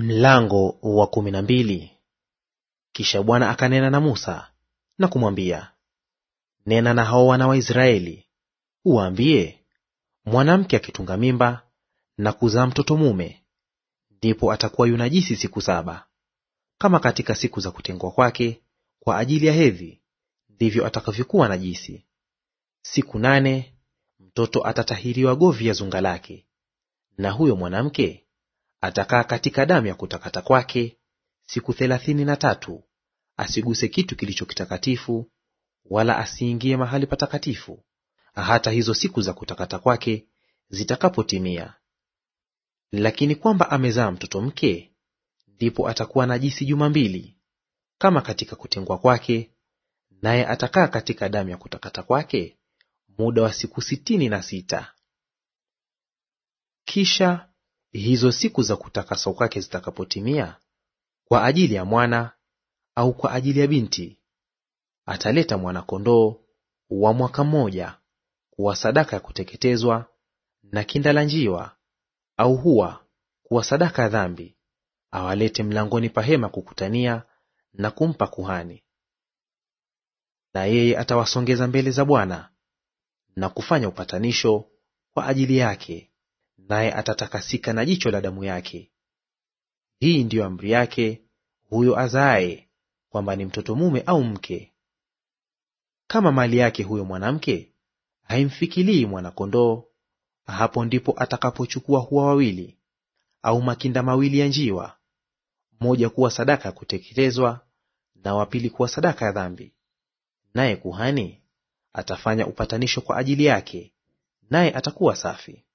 Mlango wa kumi na mbili. Kisha Bwana akanena na Musa na kumwambia, nena na hao wana wa Israeli uwaambie, mwanamke akitunga mimba na kuzaa mtoto mume, ndipo atakuwa yunajisi siku saba. Kama katika siku za kutengwa kwake kwa ajili ya hedhi, ndivyo atakavyokuwa najisi. Siku nane mtoto atatahiriwa govi ya zunga lake, na huyo mwanamke Atakaa katika damu ya kutakata kwake siku thelathini na tatu; asiguse kitu kilicho kitakatifu, wala asiingie mahali patakatifu, hata hizo siku za kutakata kwake zitakapotimia. Lakini kwamba amezaa mtoto mke, ndipo atakuwa najisi juma mbili kama katika kutengwa kwake, naye atakaa katika damu ya kutakata kwake muda wa siku sitini na sita. Kisha hizo siku za kutakaswa kwake zitakapotimia, kwa ajili ya mwana au kwa ajili ya binti, ataleta mwana-kondoo wa mwaka mmoja kuwa sadaka ya kuteketezwa, na kinda la njiwa au hua kuwa sadaka ya dhambi, awalete mlangoni pa hema kukutania na kumpa kuhani. Na yeye atawasongeza mbele za Bwana na kufanya upatanisho kwa ajili yake naye atatakasika na jicho la damu yake. Hii ndiyo amri yake huyo azaaye, kwamba ni mtoto mume au mke. Kama mali yake huyo mwanamke haimfikilii mwana-kondoo, hapo ndipo atakapochukua hua wawili au makinda mawili ya njiwa, mmoja kuwa sadaka ya kuteketezwa na wapili kuwa sadaka ya dhambi. Naye kuhani atafanya upatanisho kwa ajili yake, naye atakuwa safi.